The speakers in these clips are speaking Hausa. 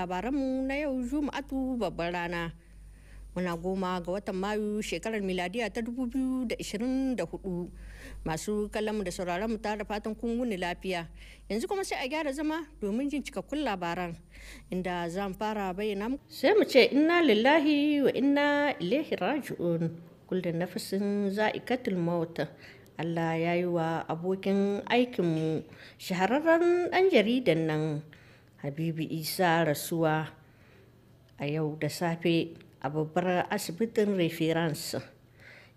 labaranmu na yau Juma'atu babban rana. Muna goma ga watan Mayu shekarar miladiya ta 2024 masu kallonmu da sauraronmu ta da fatan kun lafiya. Yanzu kuma sai a gyara zama domin jin cikakkun labaran inda zan fara bayyana Sai mu ce inna lillahi wa inna ilaihi raji'un kullum nafisin za'ikatul mawta. Allah ya yi wa abokin aikinmu shahararren ɗan jaridan nan habibu isa rasuwa a yau da safe a babbar asibitin reference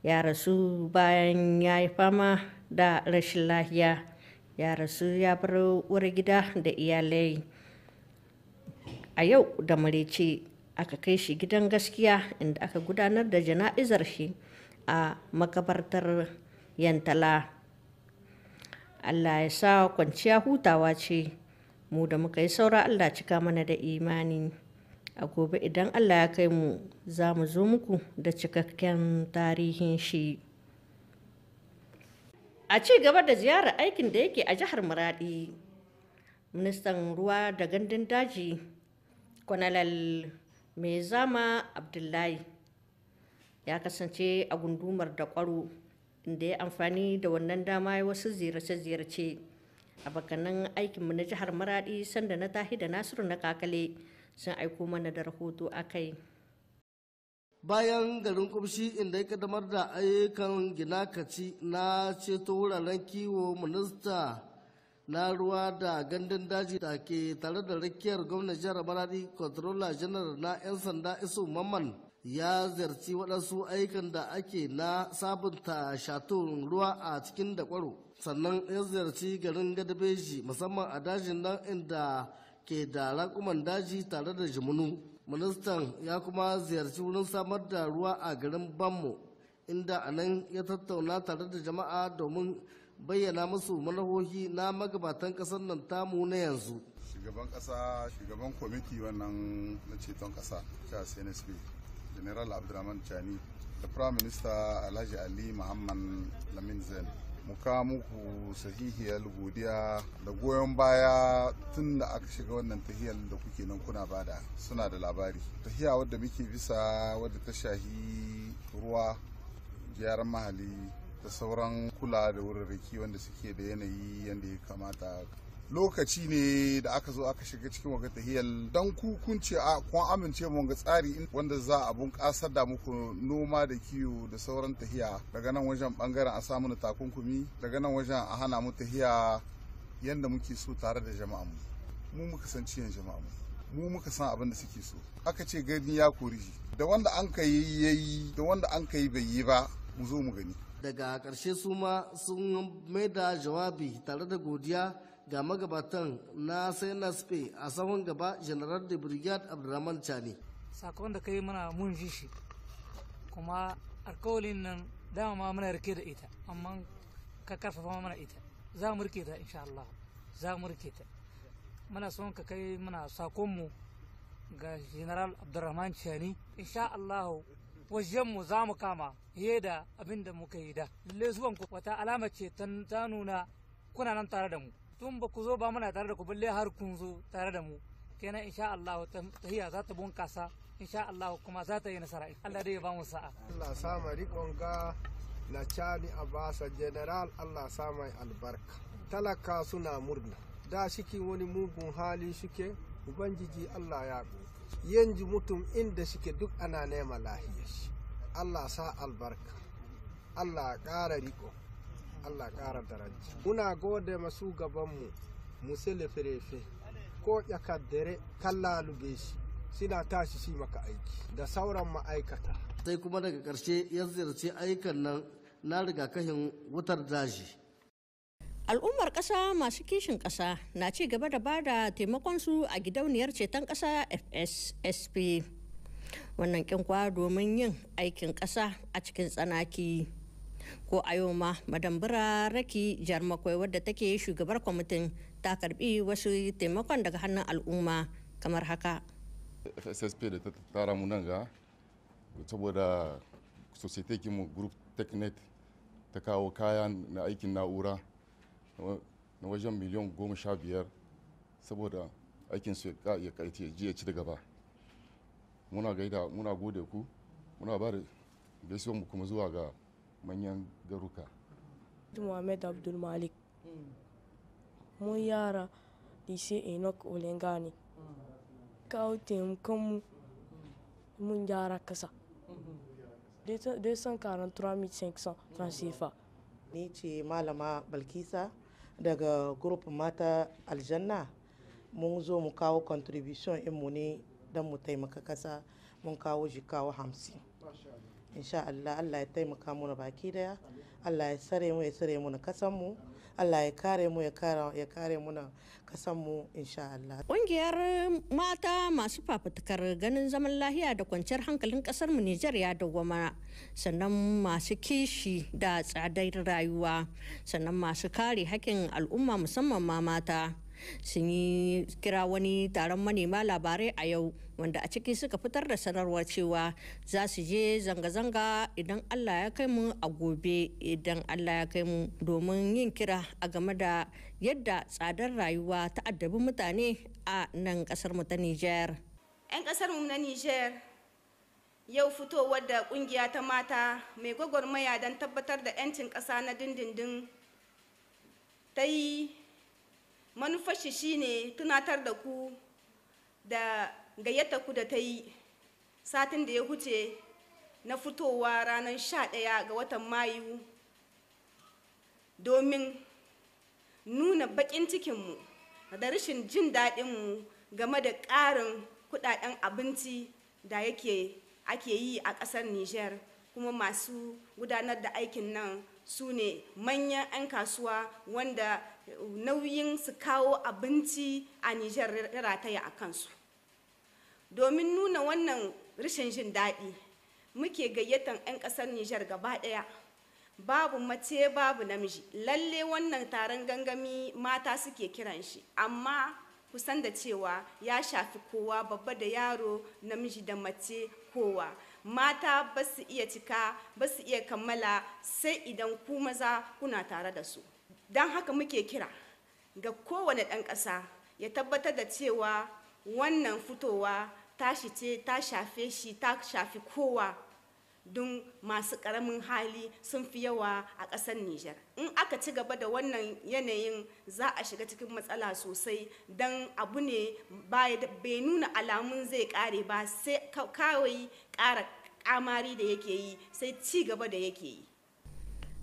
ya rasu bayan ya yi fama da rashin lahiya ya rasu ya bar wuri gida da iyalai a yau da marece aka kai shi gidan gaskiya inda aka gudanar da jana'izar shi a makabartar yantala allah ya sa kwanciya hutawa ce mu da muka yi saura Allah cika mana da imani a gobe idan Allah ya kai mu za mu zo muku da cikakken tarihin shi a ci gaba da ziyarar aikin da yake a jihar Muradi ministan ruwa da gandun daji kwanalal mai zama abdullahi ya kasance a gundumar da kwaro inda ya amfani da wannan dama ya wasu ziyarce-ziyarce a aikin aikinmu na jihar maradi sanda na tahi da nasiru na kakale sun aiko mana da rahoto a kai bayan garin kumshi inda ya kaddamar da ayyukan gina kaci na ceto wuraren kiwo minista na ruwa da gandun daji da ke tare da rakiyar gwamnan jihar maradi controller general na 'yan sanda isu mamman ya ziyarci waɗansu ayyukan da ake na sabunta shatun ruwa a cikin da kwaro sannan ya ziyarci garin gadabeji musamman a dajin nan inda ke da raƙuman daji tare da jimunu ministan ya kuma ziyarci wurin samar da ruwa a garin bamu inda a nan ya tattauna tare da jama'a domin bayyana musu manahohi na magabatan ƙasar nan tamu na yanzu shugaban ƙasa shugaban kwamiti wannan na ceton ƙasa ta cnsp general abdulrahman chani da prime minister alhaji ali muhammad lamin zain mu kawo muku sahihiyar godiya da goyon baya tun da aka shiga wannan tahiyar da kuke nan kuna bada suna da labari tahiya wadda muke bisa wadda ta shahi ruwa gyaran mahali da sauran kula da wurarraki wanda suke da yanayi yadda ya kamata lokaci ne da aka zo aka shiga cikin wanga tahiyar don ku kun ce a kun amince mu ga tsari wanda za a bunƙasar da muku noma da kiwo da sauran tahiya daga nan wajen bangaren a samu na takunkumi daga nan wajen a hana mu tahiya yadda muke so tare da jama'a mu mu muka san ciyan jama'a mu mu muka san abin da suke so aka ce gani ya kori da wanda an ka yi yayi da wanda an ka yi bai yi ba mu zo mu gani daga ƙarshe su ma sun maida jawabi tare da godiya ga magabatan na senaspe a sahun gaba general da brigade abdurrahman chani sakon da kai mana mun ji shi kuma alkawalin nan dama ma muna rike da ita amma ka karfafa mana ita za mu rike ta insha Allah za mu rike ta muna son ka kai muna sakonmu ga general abdurrahman chani insha Allah mu za mu kama fiye da abin da muka yi da lalle zuwan wata alama ce ta nuna kuna nan tare da mu tun ba ku zo ba muna tare da ku balle har kun zo tare da mu kenan insha Allah tahiya za ta bunkasa insha Allah kuma za ta yi nasara Allah dai ya ba mu sa'a Allah sa ma rikon ga na cani a basa general Allah sa mai albarka talaka suna murna da shiki wani mugun hali shike ubangiji Allah ya yanzu mutum inda shike duk ana nema lahiyar shi Allah sa albarka Allah ƙara riko Allah ƙara daraja muna gode masu gabanmu musele firefe ko ya kaddare kalla lube shi suna tashi shi maka aiki da sauran ma'aikata sai kuma daga karshe ya ziyarci aikan nan na rigakafin wutar daji al'ummar ƙasa masu kishin ƙasa na ci gaba da bada taimakon su a gidauniyar ceton ƙasa fssp wannan kyankwa domin yin aikin ƙasa a cikin tsanaki. ko a yau ayoma madambura raki jarmakwai wadda take shugabar kwamitin ta karbi wasu taimakon daga hannun al'umma kamar haka fssp da ta tara mu nan ga saboda society kimu group technet ta kawo kayan na aikin na'ura na wajen miliyan goma sha biyar saboda aikin su ya karti ya ci da gaba muna gaida muna gode ku muna ba da gaisuwan mu kuma zuwa ga manyan garuka muhammad abdul malik mun yara lise enoch olengani kawo taimakonmu mun gyara kasa 243,500 transifa ni ce malama balkisa daga group mata aljanna mun zo mu kawo contribution mu ne don mu taimaka kasa mun kawo kawo hamsin insha Allah Allah ya taimaka muna baki daya Allah ya sare mu ya sare mu na kasan mu Allah ya kare mu ya kare mu na kasan mu insha Allah kungiyar mata masu fafutukar ganin zaman lahiya da kwanciyar hankalin kasar mu Nijar ya dawwama sannan masu kishi da tsadar rayuwa sannan masu kare hakkin al'umma musamman ma mata sun yi kira wani taron manema labarai a yau wanda a ciki suka fitar da sanarwar cewa za su je zanga-zanga idan allah ya kai mu a gobe idan allah ya kai mu domin yin kira a game da yadda tsadar rayuwa ta addabi mutane a nan kasar mu ta niger 'yan kasar mu na niger yau fitowar da kungiya ta mata mai gwagwarmaya don tabbatar da 'yancin kasa na dindindin ta yi manufashi shine tunatar da ku da gayyata ku da ta yi satin da ya huce na fitowa ranar sha 11 ga watan mayu domin nuna bakin cikinmu da rashin jin daɗinmu game da ƙarin kudaden abinci da yake ake yi a ƙasar niger kuma masu gudanar da aikin nan su ne manyan 'yan kasuwa wanda nauyin su kawo abinci a nijar rataya a kansu domin nuna wannan rashin jin daɗi muke gayyatan 'yan ƙasar nijar gaba ɗaya babu mace babu namiji lalle wannan taron gangami mata suke kiran shi amma kusan da cewa ya shafi kowa babba da yaro namiji da mace kowa mata ba su iya cika ba su iya kammala sai idan ku maza kuna tare da su don haka muke kira ga kowane ɗan ƙasa ya tabbatar da cewa wannan fitowa tashi ce ta shafe shi ta shafi kowa don masu karamin hali sun fi yawa a ƙasar Nijar. In aka ci gaba da wannan yanayin za a shiga cikin matsala sosai don abu ne bai nuna alamun zai ƙare ba sai kawai ƙara kamari da yake yi sai ci gaba da yake yi.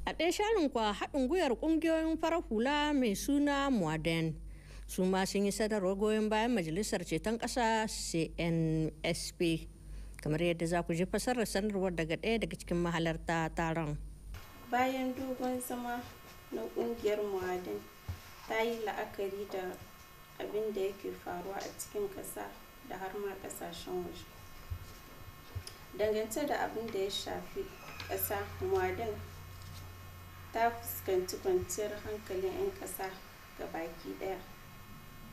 A ɗaya sharin kwa haɗin gwiwar ƙungiyoyin farar hula mai suna Mwaden. suma sun yi sadarwar goyon bayan majalisar ceton ƙasa cnsp kamar yadda za ku ji fasarar sanarwar daga ɗaya daga cikin mahalarta taron bayan dogon zama na kungiyar muhadin ta yi la'akari da abin da yake faruwa a cikin ƙasa da har ma ƙasashen waje dangance da abin da ya shafi ƙasa muhadin ta fuskanci kwanciyar hankalin 'yan ƙasa ga baki ɗaya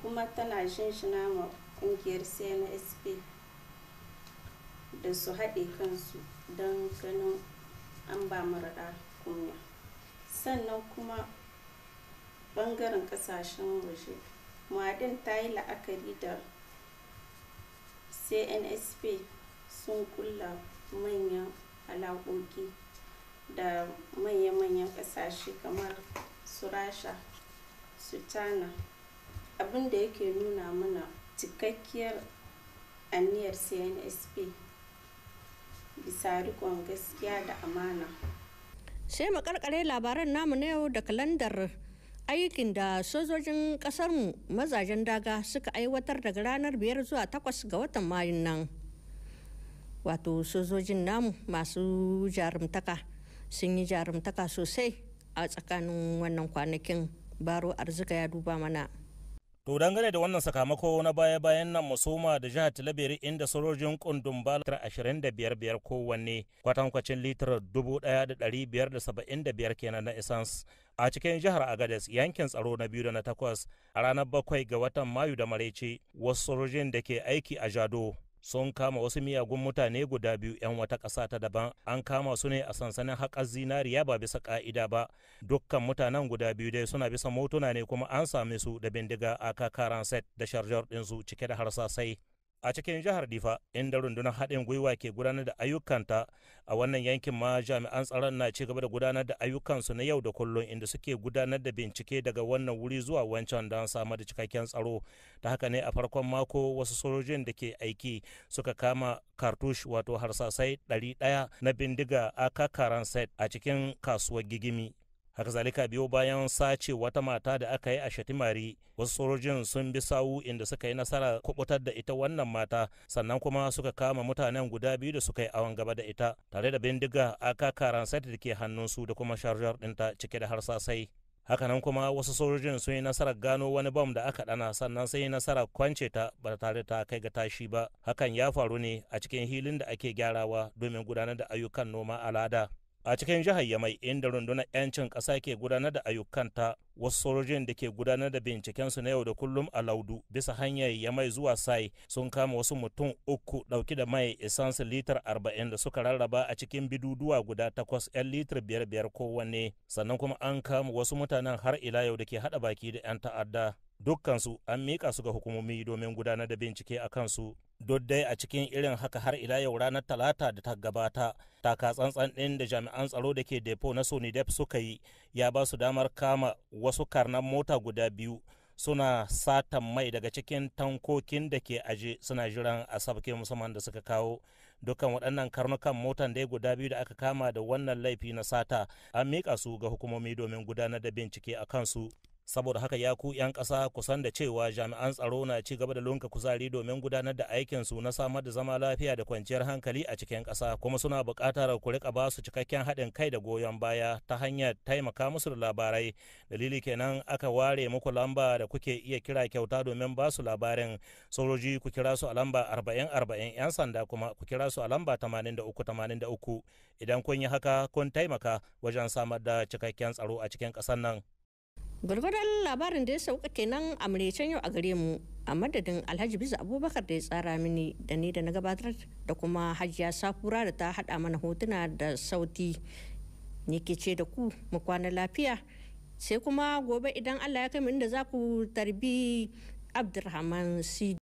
kuma tana jinjina ma kungiyar cnsp da su haɗe kansu don ganin an ba maraɗa kunya sannan kuma ɓangaren ƙasashen waje muadin ta yi la'akari da cnsp sun kulla manyan alaƙoƙi da manya-manyan ƙasashe kamar su rasha su tana abinda yake nuna mana cikakkiyar aniyar cnsp bisa rikon gaskiya da amana sai mu karkare labaran namu na yau da kalandar aikin da sojojin kasarmu mazajen daga suka aiwatar daga ranar biyar zuwa takwas ga watan mayun nan wato sojojin namu masu jarumtaka sun yi jarumtaka sosai a tsakanin wannan kwanakin baro arzika ya duba mana To dangane da wannan sakamako na baya-bayan nan musoma da jihar Talabiri inda sojojin kundin biyar 25 kowanne kwatankwacin litar 1,575 kenan na isans a cikin jihar Agadez yankin tsaro na biyu da na takwas a ranar bakwai ga watan Mayu da Maraice wasu sojojin da ke aiki a Jado sun kama wasu miyagun mutane guda biyu 'yan wata ƙasa ta daban an kama su ne a sansanin haƙar zinariya ba bisa ƙa'ida ba dukkan mutanen guda biyu dai suna bisa motuna ne kuma an same su da bindiga a kakaran set da sharjar ɗinsu cike da harsasai a cikin jihar difa inda rundunar haɗin gwiwa ke gudanar da ayyukanta a wannan yankin ma jami'an tsaron na ci gaba da gudanar da ayyukansu na yau da kullum inda suke gudanar da bincike daga wannan wuri zuwa wancan don samar da cikakken tsaro ta haka ne a farkon mako wasu sojojin da ke aiki suka kama kartush wato harsasai 100 na bindiga aka karan set a cikin kasuwar gigimi haka zalika biyo bayan sace wata mata da aka yi a shatimari wasu sojojin sun bi sawu inda suka yi nasara kubutar da ita wannan mata sannan kuma suka kama mutanen guda biyu da suka yi awon gaba da ita tare da bindiga aka karan da ke hannunsu da kuma sharjar dinta cike da harsasai hakanan kuma wasu sojojin sun yi nasarar gano wani bam da aka dana sannan sun yi nasarar kwance ta ba tare ta kai ga tashi ba hakan ya faru ne a cikin hilin da ake gyarawa domin gudanar da ayyukan noma a lada a cikin jihar yamai inda rundunar 'yancin ƙasa ke gudanar da ayyukanta wasu sojojin da ke gudanar da bincikensu na yau da kullum a laudu bisa hanyar yamai zuwa sai sun kama wasu mutum uku ɗauki da mai isansu litar arba'in da suka rarraba a cikin biduduwa guda takwas 'yan litar biyar biyar kowanne sannan kuma an kama wasu mutanen har ila yau da ke haɗa baki da 'yan ta'adda dukkansu an miƙa su ga hukumomi domin gudanar da bincike a kansu duk dai a cikin irin haka har ila yau ranar talata da ta gabata taka tsantsan ɗin da jami'an tsaro da ke depo na def suka yi ya ba su damar kama wasu karnan mota guda biyu suna satan mai daga cikin tankokin da ke aje suna jiran a sabke musamman da suka kawo dukkan waɗannan karnukan motan dai guda biyu da aka kama da wannan laifi na sata an miƙa su ga hukumomi domin gudanar da bincike a kansu saboda haka ya ku 'yan ƙasa kusan da cewa jami'an tsaro na ci gaba da lunka kuzari domin gudanar da aikinsu na samar da zama lafiya da kwanciyar hankali a cikin ƙasa kuma suna buƙatar ku rika ba su cikakken haɗin kai da goyon baya ta hanyar taimaka musu da labarai dalili kenan aka ware muku lamba da kuke iya kira kyauta domin ba su labarin sojoji ku kira su a lamba arba'in arba'in 'yan sanda kuma ku kira su a lamba 83 83 idan kun yi haka kun taimaka wajen samar da cikakken tsaro a cikin ƙasar nan. gwargwadon labarin da ya sauka kenan a maraicen yau a gare mu a madadin alhaji bizu abubakar da ya tsara mini da ni da na gabatar da kuma hajiya safura da ta hada mana hotuna da sauti ne ke ce da ku mu kwana lafiya sai kuma gobe idan allah ya kai mu inda za ku tarbi abdulrahman sidi